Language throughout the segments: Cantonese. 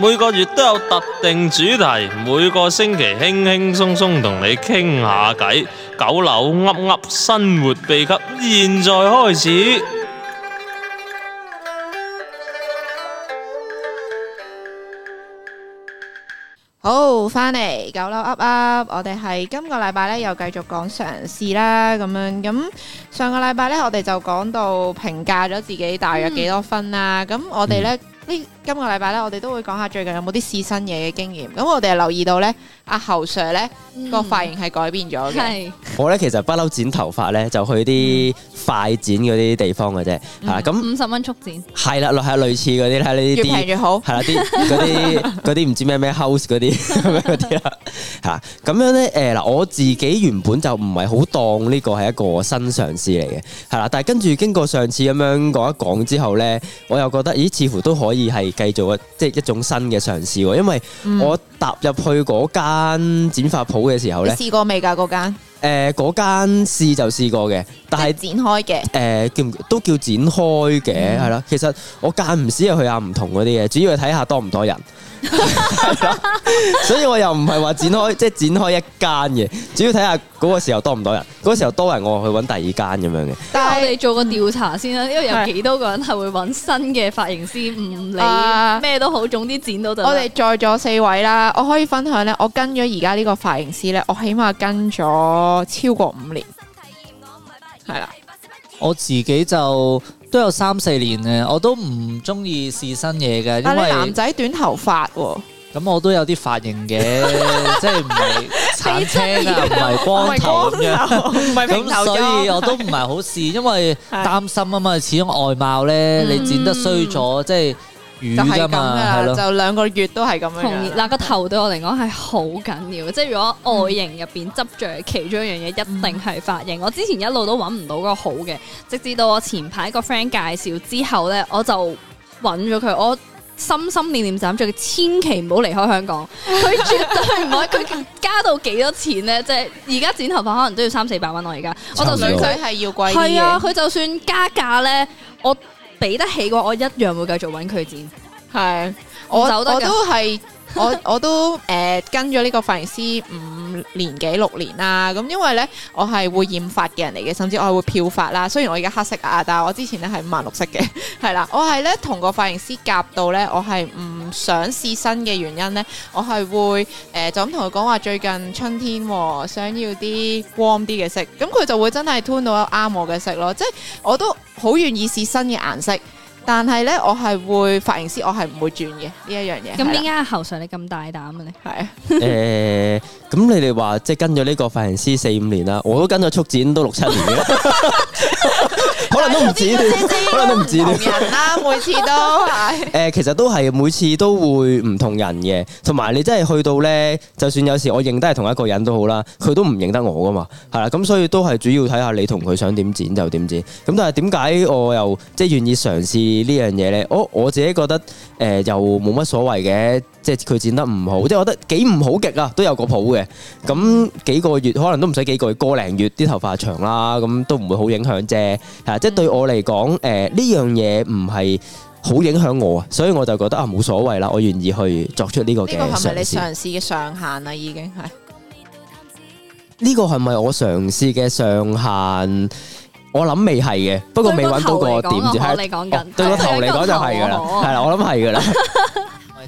每個月都有特定主題，每個星期輕輕鬆鬆同你傾下偈。九樓噏噏生活秘笈，現在開始。好，翻嚟九樓噏噏，我哋係今個禮拜咧又繼續講嘗試啦。咁樣咁上個禮拜咧，我哋就講到評價咗自己大約幾多分啦。咁我哋咧。今個禮拜咧，我哋都會講下最近有冇啲試新嘢嘅經驗。咁我哋留意到咧，阿侯 Sir 咧個髮型係改變咗嘅、嗯。我咧其實不嬲剪頭髮咧，就去啲快剪嗰啲地方嘅啫。吓咁五十蚊速剪係啦，係類似嗰啲啦呢啲越平越好。係啦， 啲嗰啲啲唔知咩咩 house 嗰啲咁樣嗰啲啦。吓咁樣咧，誒、呃、嗱，我自己原本就唔係好當呢個係一個新嘗試嚟嘅。係啦，但係跟住經過上次咁樣講一講之後咧，我又覺得咦似乎都可以。 係繼續嘅，即係一種新嘅嘗試。因為我踏入去嗰間剪發鋪嘅時候咧，試過未噶嗰間？誒，嗰間試、呃、就試過嘅。但係展開嘅，誒、呃，叫都叫展開嘅，係咯、嗯。其實我間唔時又去下唔同嗰啲嘢，主要係睇下多唔多人。 所以我又唔係話展開， 即係展開一間嘅，主要睇下嗰個時候多唔多人。嗰、嗯、時候多人，我去搵第二間咁樣嘅。但係是我哋做個調查先啦，因為有幾多個人係會搵新嘅髮型師，唔理咩都好，總之剪到就。我哋在座四位啦，我可以分享咧，我跟咗而家呢個髮型師咧，我起碼跟咗超過五年。係啦，我自己就都有三四年嘅，我都唔中意試新嘢嘅。因為男仔短頭髮、哦，咁我都有啲髮型嘅， 即係唔係橙青啊，唔係 光頭咁樣。咁所以我都唔係好試， 因為擔心啊嘛，始終外貌咧，嗯、你剪得衰咗，即係。就係咁噶，就，對咯 就兩個月都係咁樣，樣。同嗱個頭對我嚟講係好緊要嘅，嗯、即係如果外形入邊執着其中一樣嘢，一定係髮型。嗯、我之前一路都揾唔到個好嘅，直至到我前排個 friend 介紹之後咧，我就揾咗佢。我心心念念就諗住佢千祈唔好離開香港，佢 絕對唔可以。佢加到幾多錢咧？即係而家剪頭髮可能都要三四百蚊。我而家我就算女佢係要貴啲嘅，係啊，佢就算加價咧，我。俾得起嘅我一樣會繼續揾佢剪。係，我 我,我都係，我我都誒跟咗呢個髮型師五年幾六年啦。咁因為呢，我係會染髮嘅人嚟嘅，甚至我係會漂髮啦。雖然我而家黑色啊，但係我之前呢係五顏六色嘅。係 啦，我係呢同個髮型師夾到呢，我係唔想試新嘅原因呢。我係會誒、呃、就咁同佢講話，最近春天、哦、想要啲 warm 啲嘅色，咁佢就會真係 tune 到啱我嘅色咯。即係我都。好願意試新嘅顏色，但係呢，我係會髮型師，我係唔會轉嘅呢一樣嘢。咁點解侯 s 你咁大膽嘅咧？係啊，誒、 呃，咁你哋話即係跟咗呢個髮型師四五年啦，我都跟咗速展都六七年嘅。 可能都唔止，可能都唔止。人啦，每次都係。其實都係，每次都會唔同人嘅。同埋你真係去到呢，就算有時我認得係同一個人都好啦，佢都唔認得我噶嘛。係啦，咁所以都係主要睇下你同佢想點剪就點剪。咁但係點解我又即係願意嘗試呢樣嘢呢？我我自己覺得誒、呃，又冇乜所謂嘅。即係佢剪得唔好，即係我覺得幾唔好極啊，都有個譜嘅。咁幾個月可能都唔使幾個月，個零月啲頭髮長啦，咁都唔會好影響啫。吓，即係對我嚟講，誒呢樣嘢唔係好影響我啊，所以我就覺得啊冇所謂啦，我願意去作出呢個嘅嘗試。呢個係咪你嘗試嘅上限啊？已經係呢個係咪我嘗試嘅上限？我諗未係嘅，不過未搵到個點。喺你講緊對個頭嚟講就係噶啦，係啦，我諗係噶啦。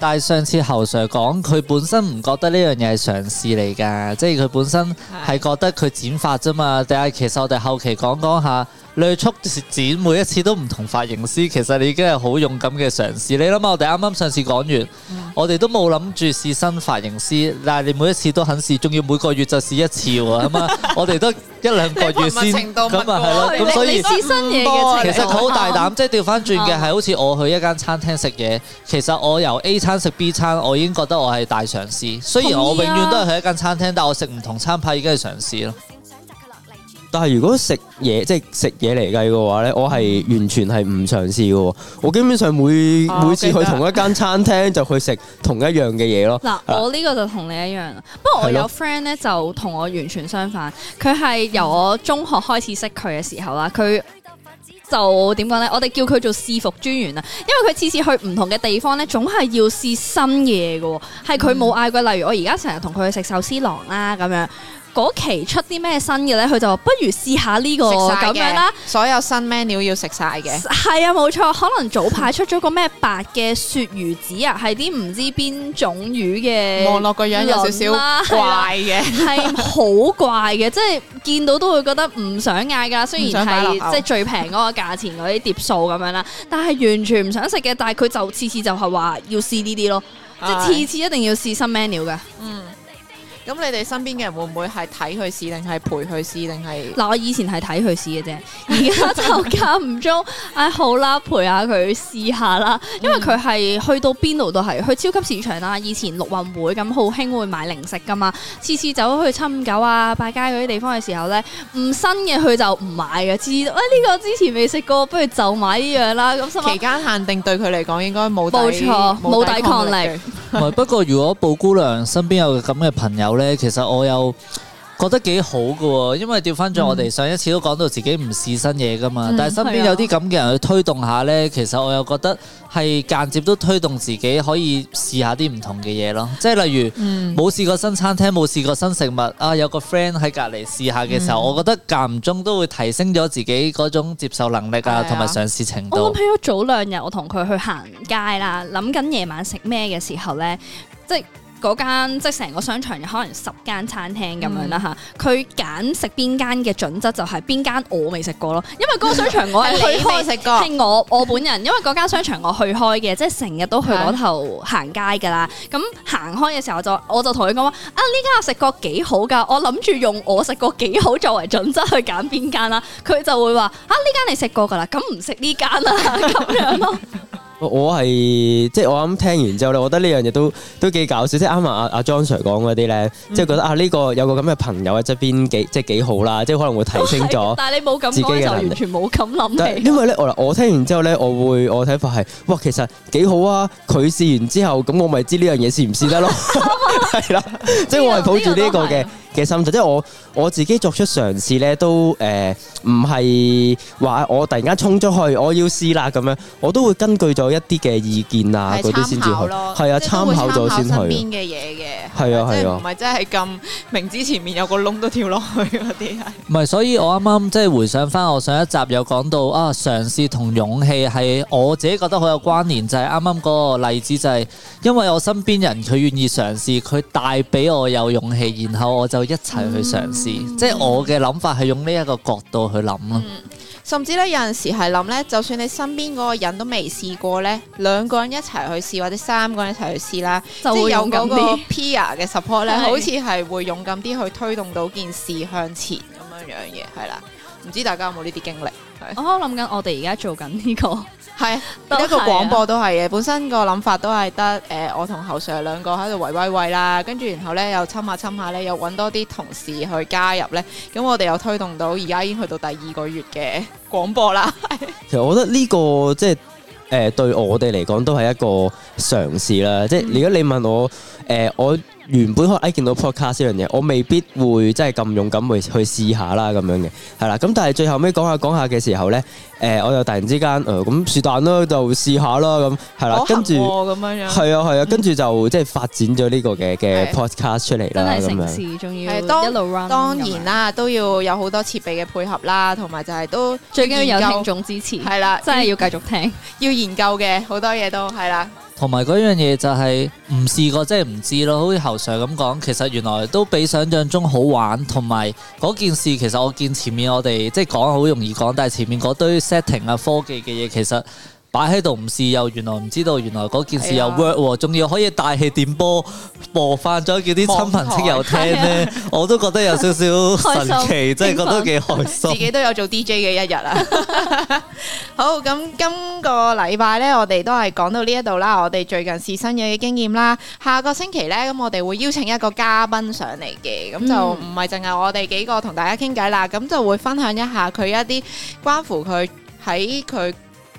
但係上次侯 Sir 講，佢本身唔覺得呢樣嘢係嘗試嚟㗎，即係佢本身係覺得佢剪髮啫嘛。但係其實我哋後期講講下。累速剪每一次都唔同髮型師，其實你已經係好勇敢嘅嘗試。你諗下，我哋啱啱上次講完，嗯、我哋都冇諗住試新髮型師，但係你每一次都肯試，仲要每個月就試一次喎。咁啊， 我哋都一兩個月先咁啊，係咯。咁你所以試新嘢嘅、嗯，其實佢好大膽。嗯、即係調翻轉嘅係，好似我去一間餐廳食嘢，其實我由 A 餐食 B 餐，我已經覺得我係大嘗試。雖然我永遠都係去一間餐廳，但我食唔同餐牌已經係嘗試咯。但係如果食嘢即係食嘢嚟計嘅話呢我係完全係唔嘗試嘅。我基本上每、啊、每次去同一間餐廳 就去食同一樣嘅嘢咯。嗱、啊，我呢個就同你一樣， 不過我有 friend 呢，就同我完全相反。佢係對咯 由我中學開始識佢嘅時候啦，佢就點講呢？我哋叫佢做試服專員啊，因為佢次次去唔同嘅地方呢，總係要試新嘢嘅。係佢冇嗌過，嗯、例如我而家成日同佢去食壽司郎啦咁樣。嗰期出啲咩新嘅呢？佢就話不如試下呢個咁樣啦。所有新 menu 要食晒嘅。係啊，冇錯。可能早排出咗個咩白嘅鱈魚子啊，係啲唔知邊種魚嘅。望落個樣有少少怪嘅。係好 啦 怪嘅，即係見到都會覺得唔想嗌噶啦。雖然係即係最平嗰個價錢嗰啲 碟數咁樣啦，但係完全唔想食嘅。但係佢就次次就係話要試呢啲咯，即係次次一定要試新 menu 嘅。嗯。咁你哋身邊嘅人會唔會係睇佢試，定係陪佢試，定係？嗱，我以前係睇佢試嘅啫，而家就間唔中， 哎好啦，陪下佢試下啦，因為佢係去到邊度都係去超級市場啦，以前陸運會咁好興會買零食噶嘛，次次走去七五九啊、百佳嗰啲地方嘅時候呢，唔新嘅佢就唔買嘅，次次呢、哎，這個之前未食過，不如就買呢樣啦。期間限定對佢嚟講應該冇冇冇抵抗力。不過如果布姑娘身邊有咁嘅朋友。其實我又覺得幾好嘅，因為調翻轉我哋上一次都講到自己唔試新嘢噶嘛，嗯、但係身邊有啲咁嘅人去推動下呢。嗯、其實我又覺得係間接都推動自己可以試下啲唔同嘅嘢咯。即係例如冇、嗯、試過新餐廳、冇試過新食物啊，有個 friend 喺隔離試下嘅時候，嗯、我覺得間唔中都會提升咗自己嗰種接受能力啊，同埋、嗯、嘗試程度。啊、我諗起咗早兩日我同佢去行街啦，諗緊夜晚食咩嘅時候呢。即嗰間即係成個商場，可能十間餐廳咁樣啦嚇。佢揀食邊間嘅準則就係邊間我未食過咯。因為嗰個商場我係去開食 過，係我我本人。因為嗰間商場我去開嘅，即係成日都去嗰頭行街噶啦。咁行開嘅時候就我就同佢講話啊，呢間我食過幾好噶，我諗住用我食過幾好作為準則去揀邊間啦。佢就會話啊，呢間你食過噶啦，咁唔食呢間啦咁樣咯。 我即我係即係我啱聽完之後咧，我覺得呢樣嘢都都幾搞笑，即係啱啱阿阿 John Sir 講嗰啲咧，即係覺得啊呢個有個咁嘅朋友喺側邊幾即係幾好啦，即係可能會提升咗。但係你冇咁，自己就完全冇咁諗。因為咧我我聽完之後咧，我會我睇法係哇其實幾好啊，佢試完之後咁我咪知呢樣嘢試唔試得咯，係啦， 即係我係抱住呢個嘅。嘅心態，即係我我自己作出嘗試咧，都誒唔係話我突然間衝咗去，我要試啦咁樣，我都會根據咗一啲嘅意見啊嗰啲先至去，係啊參考咗先去邊嘅嘢嘅，係啊係啊，唔係即係真係咁明知前面有個窿都跳落去嗰啲唔係，啊、 所以我啱啱即係回想翻我上一集有講到啊，嘗試同勇氣係我自己覺得好有關聯，就係啱啱嗰個例子，就係因為我身邊人佢願意嘗試，佢帶俾我有勇氣，然後我就。一齊去嘗試，嗯、即係我嘅諗法係用呢一個角度去諗咯、嗯。甚至咧，有陣時係諗咧，就算你身邊嗰個人都未試過呢，兩個人一齊去試或者三個人一齊去試啦，即係有嗰個 peer 嘅 support 呢好似係會勇敢啲、er、 去推動到件事向前咁是樣樣嘢，係啦。唔知大家有冇呢啲經歷？我諗緊，我哋而家做緊、這、呢個係、 啊、一個廣播都係嘅，本身個諗法都係得誒，我同侯 Sir 兩個喺度喂喂喂啦，跟住然後咧又侵下侵下咧，又搵多啲同事去加入咧，咁我哋又推動到而家已經去到第二個月嘅廣播啦。其實我覺得呢、這個即係誒，對我哋嚟講都係一個嘗試啦。即、就、係、是、如果你問我誒、呃，我。原本我睇見到 podcast 呢樣嘢，我未必會真係咁勇敢去去試下啦咁樣嘅，係啦。咁但係最後尾講下講下嘅時候咧，誒、呃，我又突然之間誒咁是但咯，就試下啦咁，係、嗯、啦。嗯、跟住咁樣樣，係啊係啊，跟住就即係發展咗呢個嘅嘅 podcast 出嚟啦。咁、嗯、樣，城市仲要一路 run 當然啦，都要有好多設備嘅配合啦，同埋就係都最緊要有聽眾支持。係啦，真係要繼續聽，要研究嘅好多嘢都係啦。同埋嗰樣嘢就係唔試過即係唔知咯，好似侯 Sir 咁講，其實原來都比想像中好玩，同埋嗰件事其實我見前面我哋即係講好容易講，但係前面嗰堆 setting 啊科技嘅嘢其實。擺喺度唔試又，原來唔知道，原來嗰件事又 work 喎，仲要可以大氣點播，播翻咗叫啲親朋戚友聽呢，我都覺得有少少神奇，真係覺得幾開心，自己都有做 DJ 嘅一日啊！好，咁今個禮拜呢，我哋都係講到呢一度啦，我哋最近試新嘢嘅經驗啦，下個星期呢，咁我哋會邀請一個嘉賓上嚟嘅，咁就唔係淨係我哋幾個同大家傾偈啦，咁就會分享一下佢一啲關乎佢喺佢。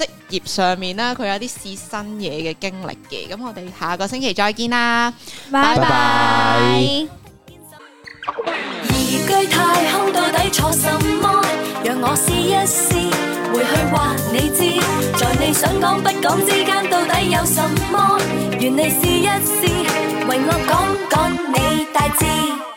職業上面啦，佢有啲試新嘢嘅經歷嘅，咁我哋下個星期再見啦，拜拜。移居太空到底做乜？讓我試一試，回去話你知，在你想講不講之間到底有乜嘢？願你試一試，為我講講你大致。